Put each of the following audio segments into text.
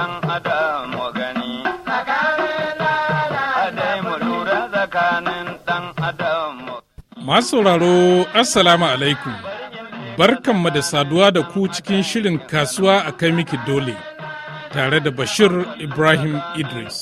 dan mu gani Masu sauraro Assalamu alaikum barkanmu da saduwa da ku cikin shirin kasuwa a kai miki dole tare da Bashir Ibrahim Idris.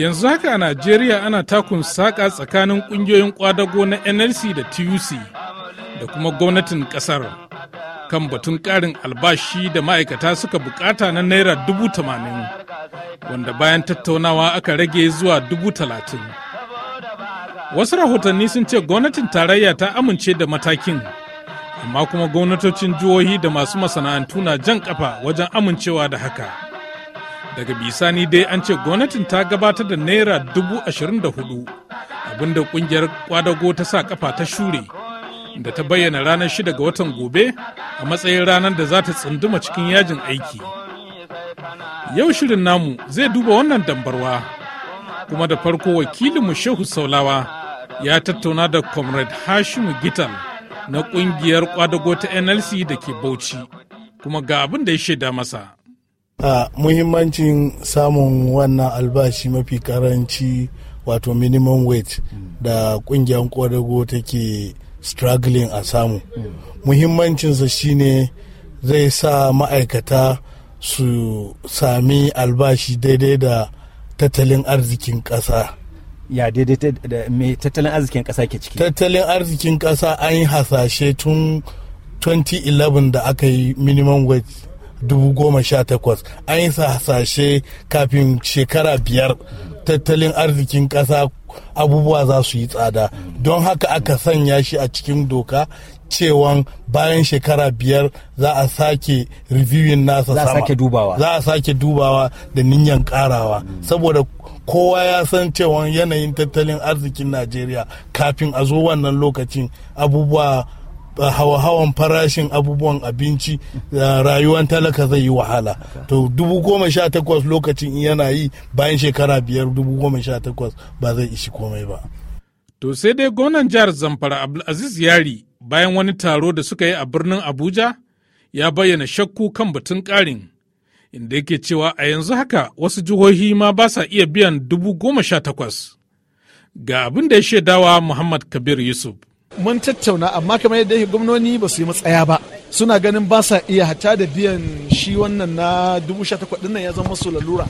Yanzu haka a Najeriya ana takun saƙa tsakanin ƙungiyoyin ƙwadago na NLC da TUC da kuma gwamnatin ƙasar. kan batun ƙarin albashi da ma'aikata suka bukata na naira dubu tamanin wanda bayan tattaunawa aka rage zuwa dubu talatin wasu rahotanni sun ce gwamnatin tarayya ta amince da matakin amma kuma gwamnatocin jihohi da masu masana'antu na jan kafa wajen amincewa da haka daga bisani dai an ce gwamnatin ta gabatar da naira dubu ashirin da hudu abinda kungiyar kwadago ta sa kafa ta shure da ta bayyana ranar shida ga watan gobe a matsayin ranar da za ta tsunduma cikin yajin aiki yau shirin namu zai duba wannan dambarwa kuma da farko wakilinmu shehu saulawa ya tattauna da comrade hashimu gital na kungiyar kwadago ta nlc da ke bauchi kuma ga abin da ya shaida masa a muhimmancin samun wannan albashi mafi karanci wato minimum wage da kungiyar kwadago take struggling a samu muhimmancinsa shine zai sa ma'aikata su sami albashi daidai da tattalin arzikin ƙasa ya daidai da me tattalin arzikin ƙasa ke ciki tattalin arzikin ƙasa an yi hasashe tun 2011 da aka yi minimum wage 2018 an yi hasashe kafin shekara biyar tattalin arzikin ƙasa abubuwa za su yi tsada don haka aka sanya shi a cikin doka cewan bayan shekara biyar za a sake reviewin nasa sama za a sake dubawa da niyan karawa mm. saboda kowa ya san cewan yanayin tattalin arzikin najeriya kafin a zo wannan lokacin abubuwa hawa-hawan farashin abubuwan abinci rayuwan talaka zai yi wahala to dubu goma sha takwas lokacin yana yi bayan shekara biyar dubu goma sha takwas ba zai ishi komai ba to sai dai gwamnan jihar zamfara abdulaziz yari bayan wani taro da suka yi a birnin abuja ya bayyana shakku kan batun ƙarin inda yake cewa a yanzu haka wasu jihohi ma ba sa iya biyan dubu goma sha takwas ga abin da ya shaidawa muhammad kabir yusuf mun tattauna amma kamar yadda gwamnoni ba su yi matsaya ba suna ganin ba sa iya hata da biyan shi wannan na dubu sha takwas ɗin nan ya zama masu lalura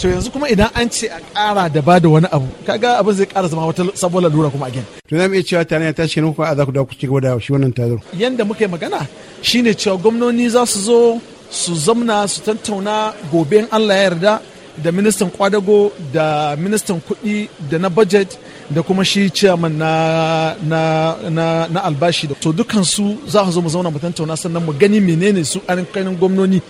to yanzu kuma idan an ce a ƙara da ba da wani abu kaga abin zai ƙara zama wata sabon lalura kuma again to zamu iya cewa tare ta shirin kuma a za ku da ku ci gaba da shi wannan tazar yanda muka yi magana shine cewa gwamnoni za su zo su zamna su tattauna gobe in Allah ya yarda da ministan kwadago da ministan kuɗi da na budget da kuma shi ciyaman na, na, na, na albashi to su za zo mu zauna mu tattauna sannan mu gani menene su kanin gwamnoni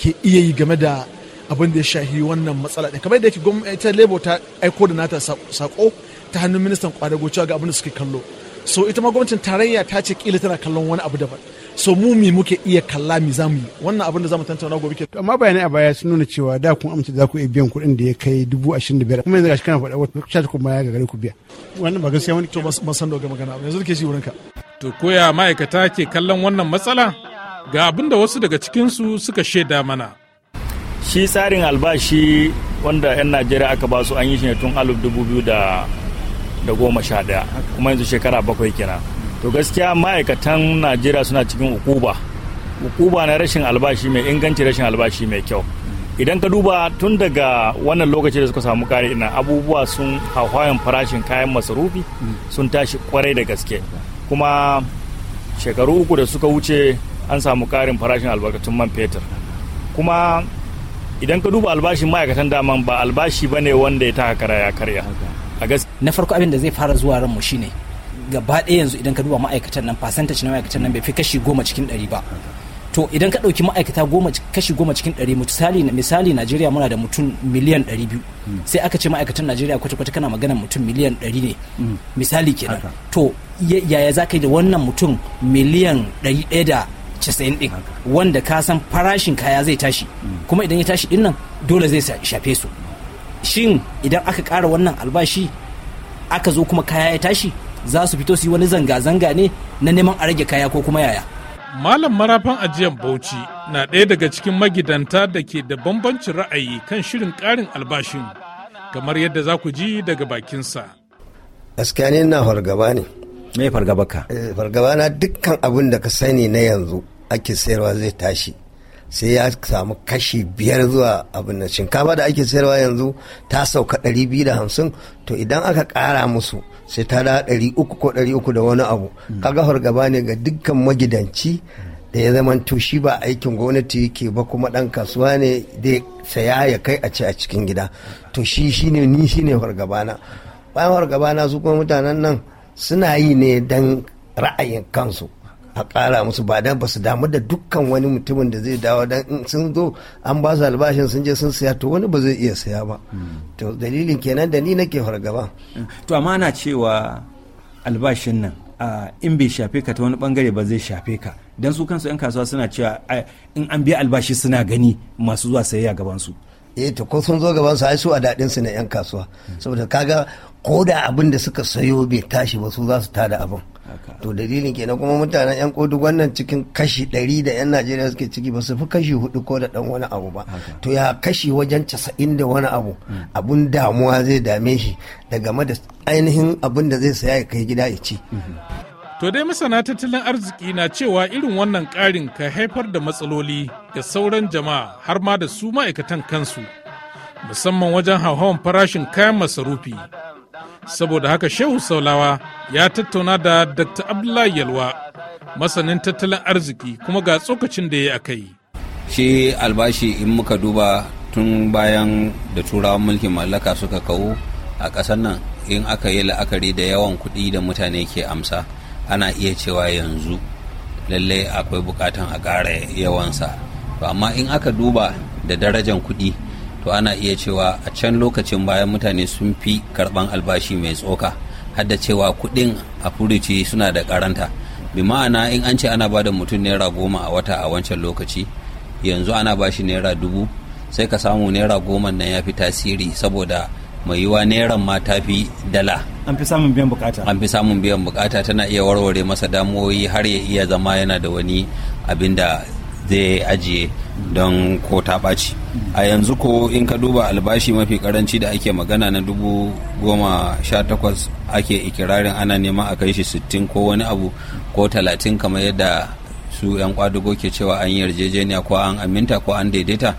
ke iya yi game da abin da ya shahi wannan matsala ɗin kamar da yake ita labour ta aiko da nata sako ta hannun ministan kwadago cewa ga abin da suke kallo so ita ma gwamnatin tarayya ta ce kila tana kallon wani abu daban so mu mi muke iya kalla mi za mu yi wannan abin da za mu tantauna gobe ke amma bayanai a baya sun nuna cewa da kun amince za ku iya biyan kuɗin da ya kai dubu ashirin da biyar kuma yanzu gashi kana faɗa wata kusa kuma ya gagare ku biya wannan ba gaskiya wani to ba san da magana yanzu ke shi wurinka to koya ma'aikata ke kallon wannan matsala ga abin da wasu daga cikinsu suka shaida mana shi tsarin albashi wanda 'yan najeriya aka ba su an yi shi ne tun alif dubu biyu da goma sha daya kuma yanzu shekara bakwai kenan to gaskiya ma'aikatan najeriya suna cikin ukuba ukuba na rashin albashi mai inganci rashin albashi mai kyau idan ka duba tun daga wannan lokaci da suka samu kare ina abubuwa sun hauhayen farashin kayan masarufi sun tashi kwarai da gaske kuma shekaru uku da suka wuce an samu karin farashin albarkatun man fetur kuma idan ka duba albashin ma'aikatan dama ba albashi ba ne wanda ya taka kara ya karya na farko abin da zai fara zuwa ranmu shine gaba ɗaya yanzu idan ka duba ma'aikatan nan percentage na ma'aikatan nan bai fi kashi goma cikin ɗari ba to idan ka ɗauki ma'aikata goma kashi goma cikin ɗari misali misali najeriya muna da mutum miliyan ɗari biyu hmm. sai aka ce ma'aikatan najeriya kwata-kwata kana magana mutum miliyan ɗari ne hmm. misali kenan to yaya za ka yi da wannan mutum miliyan ɗari ɗaya da casa'in ɗin wanda ka san farashin kaya zai tashi hmm. kuma idan ya tashi ɗin nan dole zai shafe su shin idan aka ƙara wannan albashi aka zo kuma kaya ya tashi za su fito su yi wani zanga-zanga ne na neman a rage kaya ko kuma yaya malam marafan ajiyar bauchi na ɗaya daga cikin magidanta da ke da bambancin ra'ayi kan shirin ƙarin albashin kamar yadda za ku ji daga bakinsa gaskiya ne na fargaba ne me fargaba ka eh, fargaba na dukkan abin da ka sani na yanzu ake sayarwa zai tashi sai ya samu kashi biyar zuwa abin da shinkafa da ake sayarwa yanzu ta sauka ɗari biyu da hamsin to idan aka ƙara musu sitara ɗari uku ko ɗari uku da wani abu hmm. kaga fargaba ne ga dukkan magidanci da ya zama to shi ba aikin gwamnati yake ba kuma ɗan kasuwa ne da saya ya kai a ce a cikin gida to shi shine ni shi ne na bayan fargabana na su kuma mutanen nan suna yi ne don ra'ayin kansu a ƙara musu ba dan ba su damu da dukkan wani mutumin da zai dawo dan in sun zo an ba su albashin sun je sun siya to wani ba zai iya siya ba to dalilin kenan da ni nake fargaba to amma ana cewa albashin nan in bai shafe ka ta wani bangare ba zai shafe ka dan su kansu yan kasuwa suna cewa in an biya albashi suna gani masu zuwa sayayya gaban su eh to ko sun zo gaban su ai su a dadin su na yan kasuwa saboda kaga ko da abin da suka sayo bai tashi ba su za su tada abin to dalilin kenan kuma mutanen yan kodu wannan cikin kashi ɗari da yan najeriya suke ciki ba su fi kashi hudu ko da ɗan wani abu ba to ya kashi wajen casa'in da wani abu hmm. abun damuwa zai dame shi da game da ainihin abun da zai saya ya kai gida ya ci hmm. To dai masana tattalin arziki na cewa irin wannan karin ka haifar da matsaloli ga sauran jama'a har ma da su ma'aikatan kansu, musamman wajen hauhawan farashin kayan masarufi. saboda haka shehu saulawa ya tattauna da dr abdullahi yalwa masanin tattalin arziki kuma ga tsokacin da ya yi a kai shi albashi in muka duba tun bayan da turawan mulkin mallaka suka kawo a ƙasar nan in aka yi la'akari da yawan kuɗi da mutane ke amsa ana iya cewa yanzu lallai akwai bukatan a ƙara yawansa amma in aka duba da darajan kuɗi to ana iya cewa a can lokacin bayan mutane sun fi karban albashi mai tsoka har cewa kuɗin a furuci suna da karanta bi ma'ana in an ce ana bada mutum naira goma a wata a wancan lokaci yanzu ana bashi naira dubu sai ka samu naira goma nan ya fi tasiri saboda mai yiwa naira ma ta fi dala an fi samun biyan bukata an fi samun biyan bukata tana iya warware masa damuwoyi har ya iya zama yana da wani abin da zai ajiye don ko ta ɓaci a yanzu ko in ka duba albashi mafi karanci da ake magana na dubu goma sha takwas ake ikirarin ana nema a kai shi sittin ko wani abu ko talatin kamar yadda su 'yan kwadugo ke cewa an yi yarjejeniya ko an aminta ko an daidaita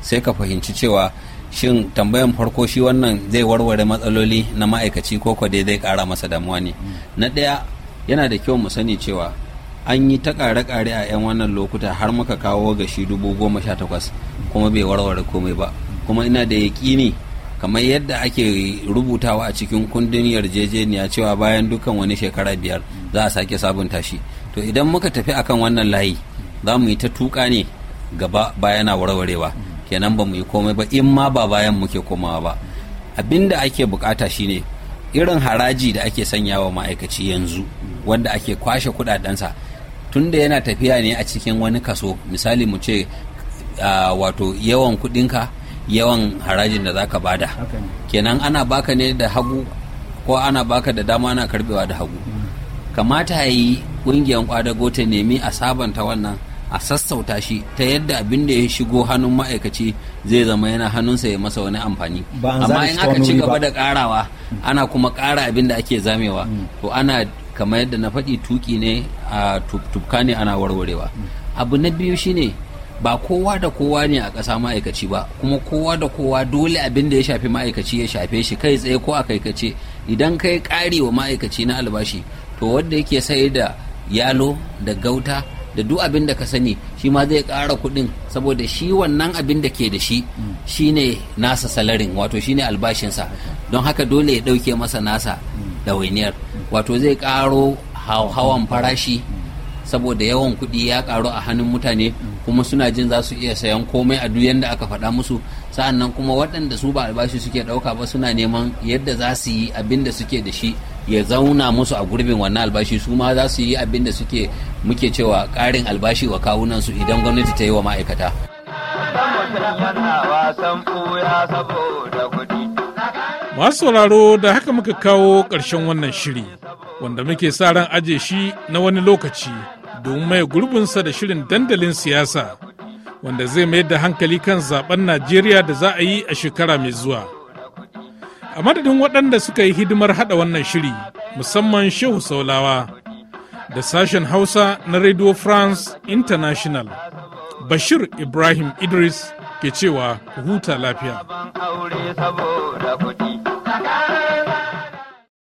sai ka fahimci cewa shin tambayan farko shi wannan zai warware matsaloli na ma'aikaci ko ko dai zai kara masa damuwa ne na ɗaya yana da kyau mu sani cewa an yi ta ƙare kare a 'yan wannan lokuta har muka kawo ga shi dubu goma sha takwas kuma bai warware komai ba kuma ina da yaƙini kamar yadda ake rubutawa a cikin kundin yarjejeniya cewa bayan dukkan wani shekara biyar za a sake sabunta shi to idan muka tafi akan wannan layi za mu yi ta tuka ne gaba bayana warwarewa kenan ba mu yi komai ba in ma ba bayan muke komawa ba abin da ake bukata shine irin haraji da ake sanya wa ma'aikaci yanzu wanda ake kwashe kudadensa tun da yana tafiya ne a cikin wani kaso misali mu ce uh, wato yawan kudinka yawan harajin da zaka bada kenan ana baka ne da hagu ko ana baka da dama ana karbewa da hagu mm. kamata ya yi ƙungiyar kwadago ta nemi a sabanta wannan a sassauta shi ta yadda abin da ya shigo hannun ma'aikaci zai zama yana hannunsa ya masa wani amfani amma in aka ci gaba da karawa mm. ana kuma kara abin da ake zamewa mm. to ana kamar yadda na faɗi tuki ne a tubka ne ana warwarewa abu na biyu shine ba kowa da kowa ne a ƙasa ma'aikaci ba kuma kowa da kowa dole abin da ya shafi ma'aikaci ya shafe shi kai tsaye ko a kace idan kai ƙari wa ma'aikaci na albashi to wanda yake sai da yalo da gauta da duk abin da ka sani shi ma zai ƙara kuɗin saboda shi wannan abin da ke da shi shine nasa salarin wato shine albashinsa don haka dole ya ɗauke masa nasa ɗawainiyar wato zai ƙaro hawan farashi saboda yawan kuɗi ya ƙaru a hannun mutane kuma suna jin za su iya sayan komai a duk yadda aka faɗa musu sa'annan kuma waɗanda su ba albashi suke ɗauka ba suna neman yadda za su yi abin da suke da shi ya zauna musu a gurbin wannan albashi su ma za su yi abin da suke muke cewa ƙarin albashi wa kawunan su idan gwamnati ta yi wa ma'aikata. Masu sauraro da haka muka kawo ƙarshen wannan shiri wanda muke sa ran aje shi na wani lokaci domin mai gurbinsa da shirin dandalin siyasa wanda zai mayar da hankali kan zaben Najeriya da za a yi a shekara mai zuwa. A madadin waɗanda suka yi hidimar haɗa wannan shiri musamman Shehu Saulawa da sashen Hausa na Radio France International Bashir Ibrahim Idris ke cewa huta lafiya. ¡Gracias!